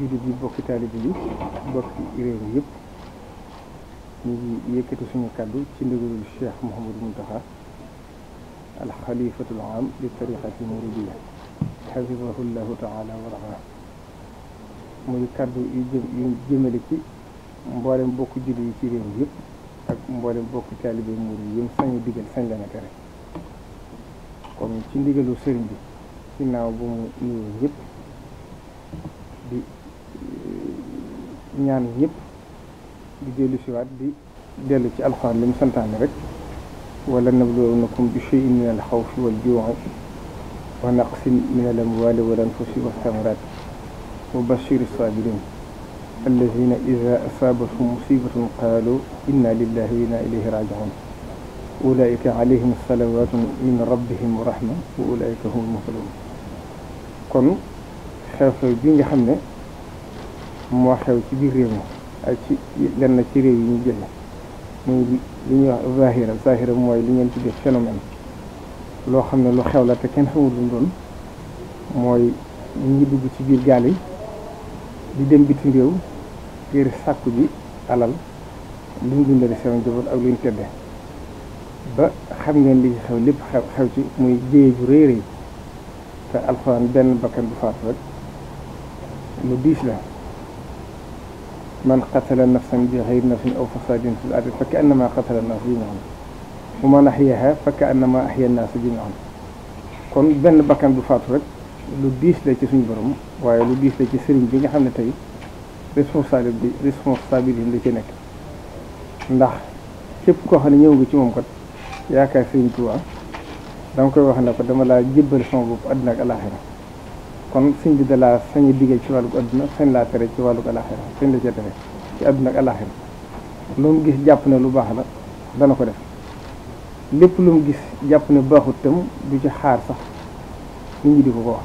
jullit yi bokki taalibe yi bokki réew mi yëpp ñu ngi yëkkati suñu kàddu ci ndigalul Cheikh Mouhamadou Mountakha alxalifatul am li tariqati muridiya xafidahu llahu taala wa rafa muy kàddu yu jëm yu jëmale ci mboolem bokk jullit yi ci réew mi yëpp ak mboolem bokki taalibe murid yi yëm sañu digal sañ la na tere comme ci ndigalu sëriñ bi ginnaaw bu mu nuyoo ñëpp di ñaan ñëpp di dellu siwaat di dellu ci alxuraan li mu santaane rek wala nabluwannakum bi shay'in min al xawfi wal juu'i wa naqsin min al amwali wal anfusi wa thamaraat wa bashiri sabirin alladina ida asaabathum musibatun qaalu inna lillahi wa inna ilayhi rajiun ulaika alayhim salawatun min rabbihim wa rahma wa ulaika humul muhtadun kon xew-xew bi nga xam ne moo xew ci biir réew mi ak ci lenn ci réew yi ñu génn muy li ñuy wax zahira zahira mooy lu ngeen ci def phénomène loo xam ne lu xew la te kenn xamul lu doon mooy ñi dugg ci biir gaal yi di dem bitim réew ngir sàkku ji alal lu ñu dundale seen njaboot ak lu ñu tedde ba xam ngeen li xew lépp xew xew ci muy jéye ju rëy rëy te alxuraan benn bakkan bu faatu rek lu diis la man qatala nafsan bi xayri nafsin aw fasadin fil ardi fa kaannama qatala nnaas jamiian wa man ahyaha fa kaannama ahya nnaas jamiian kon benn bakkan du faatu rek lu diis la ci suñu borom waaye lu diis la ci sëriñ bi nga xam ne tey responsable bi responsabilité la ci nekk ndax képp koo xam ne ñëw nga ci moom kat yaakaar sëriñ Tuubaa dama koy wax ne ko dama laa jébbal sama bopp àddina ak alaaxira kon sëñ bi da laa sañ a digal ci wàllug adduna sañ laa tere ci wàllug alaxira sañ la cee tere ci àdduna ak alaxira lu mu gis jàpp ne lu baax la dana ko def lépp lu mu gis jàpp ne baaxul tam du ci xaar sax nit ñi di ko ko wax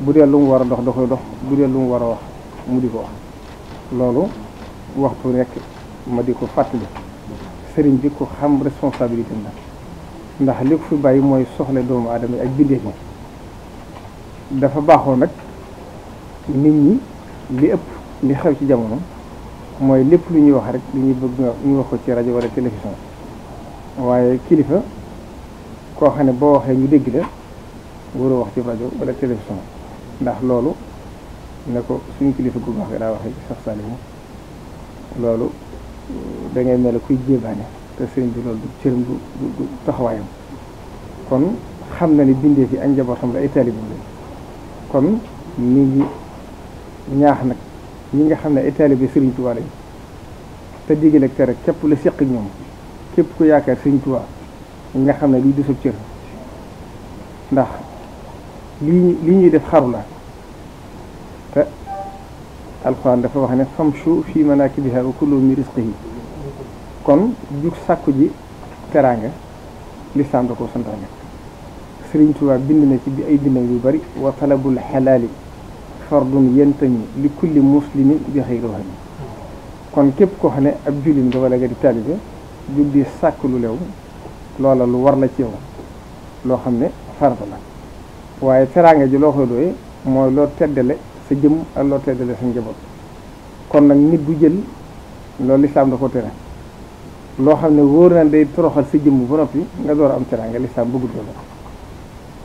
bu dee lu mu war a dox da koy dox bu dee lu mu war a wax mu di ko wax loolu waxtu nekk ma di ko fàttali sëriñ bi ko xam responsabilité la ndax li ko fi bàyyi mooy soxla doomu aadama ak bindee bi dafa baaxoo nag nit ñi li ëpp li xew ci jamono mooy lépp lu ñuy wax rek li ñuy bëgg ñu wax ko ci rajo wala télévision waaye kilifa koo xam ne boo waxee ñu dégg la waroo wax ci rajo wala télévision ndax loolu ne ko suñu kilifa gu baax gi ci waxee sax Saliou loolu da ngay mel kuy jébaane te sëriñ bi loolu du du du taxawaayam kon xam na ni bindee fi ak xam la ay taalibe kon mi ngi ñaax nag ñi nga xam ne ay taalibe Sëriñ Tuubaa te digal ak tere képp la seq ñoom képp ku yaakaar Sëriñ Tuubaa nga xam ne lii du sa cër ndax lii li ñuy def xaru la te alxuraan dafa wax ne famshu fi manaakibihaa wa kulu min yi kon jug sàkku ji teraanga lislaam da ko santaane Sëriñ Tuubaa bind na ci bi ay bindam yu bari wa talabul xalaali fardun yentami li kulli muslimin bi xëy roxani kon képp koo xam ne ab jullit nga wala nga di taalibe du sàkk lu lew loola lu war la ci yow loo xam ne farata la waaye teraanga ji loo koy doyee mooy loo teddale sa jëm ak loo teddale sa njaboot kon nag nit bu jël loolu lislaam da ko tere loo xam ne wóor na day toroxal sa jëmm ba noppi nga door am teraanga lislaam bëggul loolu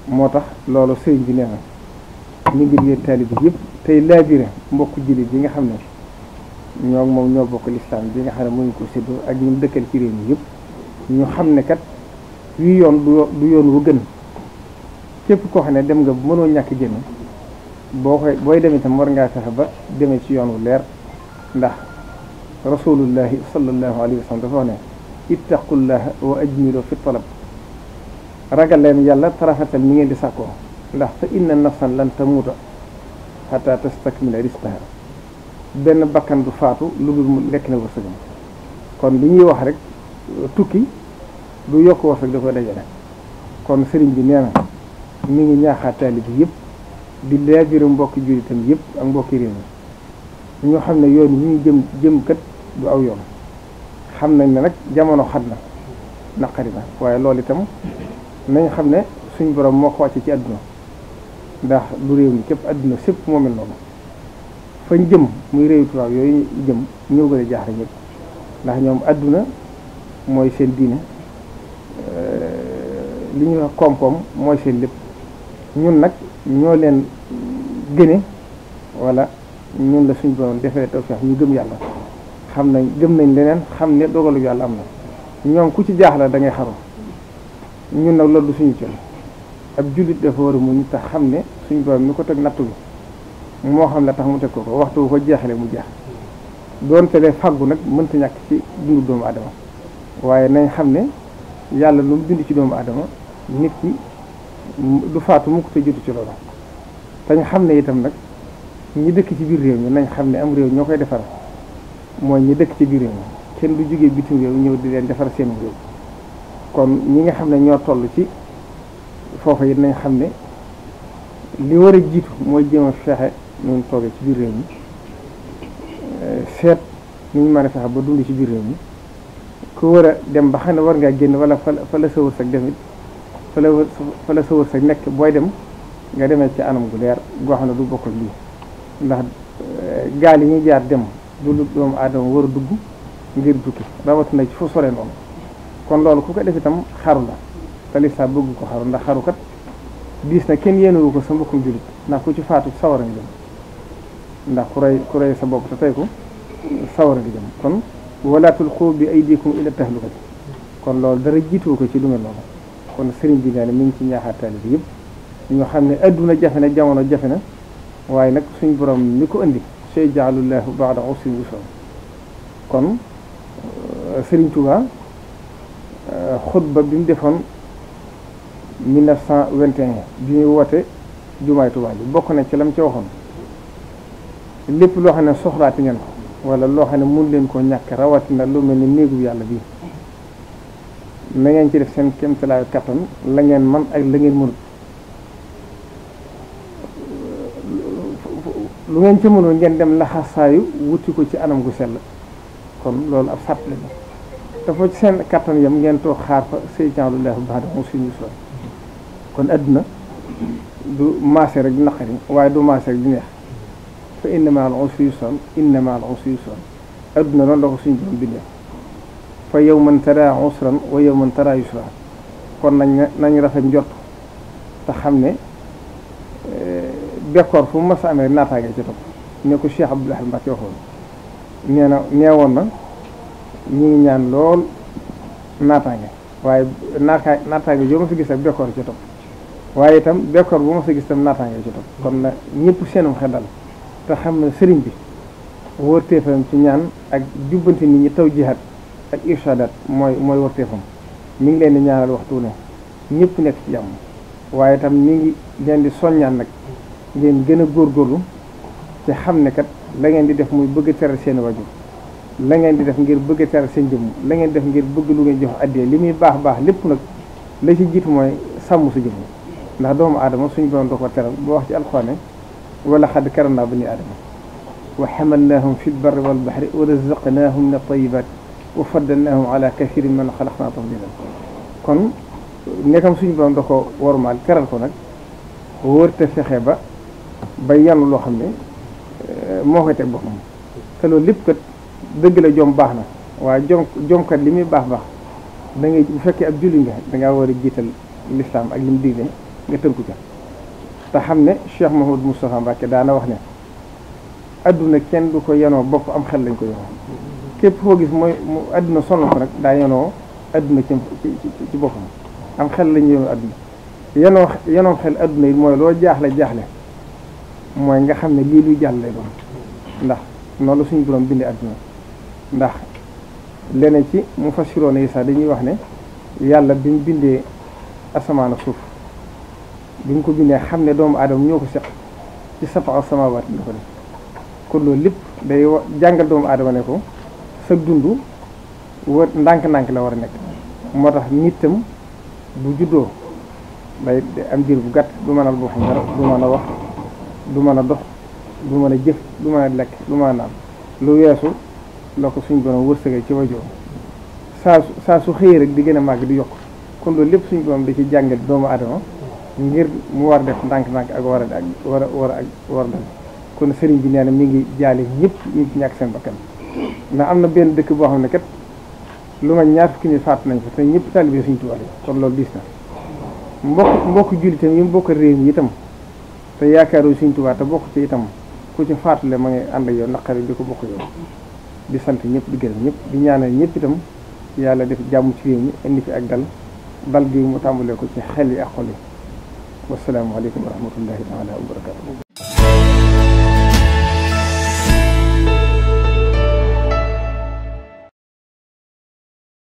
moo tax loolu sëriñ bi nee na ñu ngi yéen taalib bi yëpp tey laabire mbokk jullit yi nga xam ne ñoo moom ñoo bokk lislaam bi nga xam ne mënuñ ko séddoo ak ñun dëkkal ci réew mi yëpp ñu xam ne kat yu yoon du yoon wu gën képp koo xam ne dem nga mënoo ñàkk génn boo koy booy demee tam war ngaa fexe ba demee ci yoon wu leer ndax rasulullahi sallallahu alayhi wa sallam dafa wax ne ittaqullaha wa ajmilu fi talab ragal leen yàlla tarafetal mu ngeen di sàkkoo ndax fa inna nafsan lan tamuuta xataa tastakmila rizqaha benn bakkan du faatu lu dul mu lekk na wërsëgam kon li ñuy wax rek tukki du yokk wërsëg da koy dajale kon sëriñ bi nee na mi ngi ñaaxaat taalibe yëpp di laabiru mbokki jullitam yëpp ak mbokki réew mi ñoo xam ne yoon wi ñu jëm jëm kat du aw yoon xam nañ ne nag jamono xat na naqari na waaye loolu itam nañ xam ne suñ borom moo ko ci àdduna ndax lu réew mi képp àdduna sépp moo mel noonu fañ jëm muy réew tubaab yooyu jëm ñoo gën a jaaxle ñëpp ndax ñoom àdduna mooy seen diine li ñuy wax koom-koom mooy seen lépp ñun nag ñoo leen gëne wala ñun la suñ borom defee tawfeex ñu gëm yàlla xam nañ gëm nañ leneen xam ne dogalu yàlla am na ñoom ku ci jaaxla da ngay xaru ñun nag loolu du suñu cër ak jullit dafa war a muñ tax xam ne suñu borom mi ko teg natt bi moo xam la tax mu teg ko ko waxtu ko jeexale mu jeex doonte ne fàggu nag mënta ñàkk ci dundu doomu adama waaye nañ xam ne yàlla lu mu bind ci doomu aadama nit ki du faatu mukk te jotu ci loolu tañ xam ne itam nag ñi dëkk ci biir réew mi nañ xam ne am réew ñoo koy defar mooy ñi dëkk ci biir réew mi kenn du jógee bitim réew ñëw di leen defar seenu réew kon ñi nga xam ne ñoo toll ci foofa it nañ xam ne li war a jiitu mooy jéem a fexe ñu toogee ci biir réew mi euh, seet ni ñu mën a fexe ba dund ci biir réew mi ku war a dem ba xam ne war ngaa génn wala fa fa la sa wërsëg demit fa la fa la sa wërsëg nekk booy dem nga demee ci anam gu leer goo xam ne du bokk lii ndax euh, gaal yi ñuy jaar dem du lu doomu aadama war a dugg ngir tukki rawatina ci fu sore noonu kon loolu ku ko def itam xaru la te lislaam bëgg ko xaru ndax xaru kat diis na kenn yéenewu ko sa mbokkum jullit ndax ku ci faatu sawara nga jëm ndax ku rey ku rey sa bopp te ko sawara nga jëm kon wala tulqu bi aydikum ila tahlukati kon loolu dara jiitu ko ci lu mel kon sëriñ bi nee na mi ngi ci ñaaxaar taalibe yëpp ñu xam ne adduna jafe na jamono jafe na waaye nag suñ borom mi ko indi sey jaalullahu baada usri yusra kon sëriñ tuga xutba bi mu defoon 1921 bi ñuy woote jumaay Tuubaa ji bokk na ci lam ci waxoon lépp loo xam ne soxlaati ngeen ko wala loo xam ne mun leen koo ñàkk rawatina loo mel ni néegu yàlla bii na ngeen ci def seen kéemtalaayu kattan la ngeen man ak la ngeen mënut lu ngeen ci mënul ngeen dem laxasaayu wuti ko ci anam gu sell kon loolu ab fàttali la dafa ci seen kattan yam ngeen toog xaar fa say lu leex baax de moom suñu sooy kon àdduna du maase rek di naqari waaye du maase rek di neex fa inna ma'al usri yusran inna ma'al usri yusran àdduna noonu fa yawman tara usran wa yawman tara yusran kon nañ nañ rafet njort te xam ne eh, bekkoor fu mu mas a amee naataange ci topp ne ko Cheikh Abdoul Ahad Mbacké waxoon nee na na ñu ngi ñaan lool naataange waaye naataange naataange joo ma fi gis ak bekkoor ci waaye itam bekkoor bu ma fi gis itam naataange joto kon nag ñëpp seenum xeddal te xam ne sëriñ bi wërteefam ci ñaan ak jubbanti nit ñi taw jihaat ak irshadaat mooy mooy wërteefam mi ngi leen di ñaanal waxtu ne ñëpp nekk ci jàmm waaye itam mi ngi leen di soññaan nag ngeen gën a góor góorlu ci xam ne kat la ngeen di def muy bëgg teral seeni wajur la ngeen di def ngir bëgg a teral seen jëmm la ngeen def ngir bëgg lu ngeen jox addee li muy baax baax lépp nag la ci jiitu mooy sàmm su jëmm ndax doomu aadama suñu borom da ko teral boo wax ci alxuraan wala xadd karam naa bani aadama wa xamalnaahum fi lbarri wal baxri wa razaqnaahum min at-tayyibaat wa faddalnaahum ala kathirin man xalaqnaa tafdiilaa kon nekkam suñu borom da ko wormaal teral ko nag wóor te fexe ba ba yanu loo xam ne eh, moo koy teg boppam te loolu lépp kat dëgg la jom baax na waaye jom jomkat li muy baax baax da ngay bu fekkee ak julli nga dangaa war a jiital lislaam ak li mu digle nga tënku ca te xam ne Cheikh Mahmoud Moustapha Mbacke daana wax ne adduna kenn du ko yenoo bopp am xel lañ ko yenoo koo gis mooy mu adduna rek daa yenoo adduna ci ci boppam am xel lañ yenoo adduna yenoo xel adduna yi mooy loo jaaxle jaaxle mooy nga xam ne lii luy jàll lay doon ndax noonu la suñu borom bindee àdduna ndax leneen ci mu fasiroon yi sax dañuy wax ne yàlla bi mu bindee asamaan suuf bi mu ko bindee xam ne doomu mu ñoo ko set ci sapa samaawaat bi ko def kon loolu lépp day jàngal doomu aadama ne ko sa dund war ndànk-ndànk la war a nekk moo tax nitam bu juddoo day am diir bu gàtt du mën a boo xam dara a wax du mën a dox du mën a jëf du mën a lekk du mën naan lu weesu la ko suñ borom wërsëgal ci wajoo saa su saa su xëyee rek di gën a màgg di yokk kon loolu lépp suñu borom da ci jàngal doomu adama ngir mu war def ndànk-ndànk ak war a ak war ak war a def sëriñ bi nee na mi ngi jaale ñëpp ñàkk seen bakkan ndax am na benn dëkk boo xam ne kat lu ma ñaar fukki nit nañ fa te ñëpp taalibe suñ tubaab yi kon loolu diis na mbokk mbokk jullitam yi mu bokk réew mi itam te yaakaaru suñ tubaab te bokk ci itam ku ci faatule ma ngi ànd yow naqari di ko bokk yow di sant ñëpp di gërëm ñëpp di ñaanal ñëpp itam yàlla def jàmm ci réew indi fi ak dal dal gi mu tàmbalee ko ci xel yi ak xol yi wasalaamaaleykum wa rahmatullahi taala wa